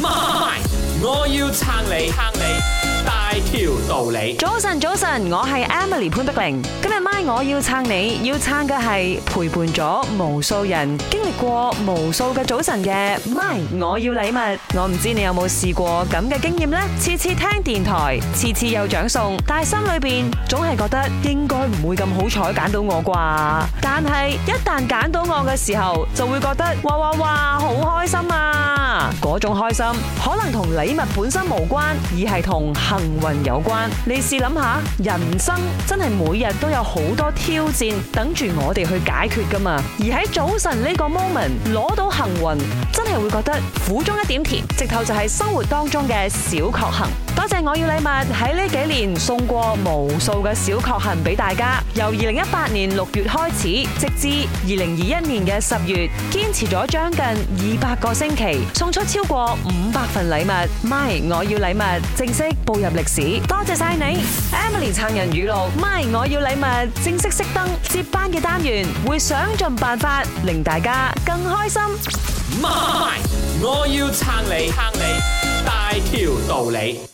m 我要撐你撐你大條道理。早晨，早晨，我係 Emily 潘碧玲今天。今日 my 我要撐你，要撐嘅係陪伴咗無數人經歷過無數嘅早晨嘅 my。我要禮物，我唔知你有冇試過咁嘅經驗呢？次次聽電台，次次有獎送，但係心裏邊總係覺得應該唔會咁好彩揀到我啩。但係一旦揀到我嘅時候，就會覺得哇哇哇好開心啊！嗰種開心可能同禮物本身無關，而係同幸運有關。你試諗下，人生真係每日都有好多挑戰等住我哋去解決㗎嘛？而喺早晨呢個 moment 攞到幸運，真係會覺得苦中一點甜，直頭就係生活當中嘅小確幸。多謝，我要禮物喺呢幾年送過無數嘅小確幸俾大家，由二零一八年六月開始，直至二零二一年嘅十月，堅持咗將近二百個星期，送出超過五百份禮物。My 我要禮物正式步入歷史，多謝晒你，Emily。撐人語錄，My 我要禮物正式熄燈，接班嘅單元會想盡辦法令大家更開心。My 我要撐你，撐你，大條道理。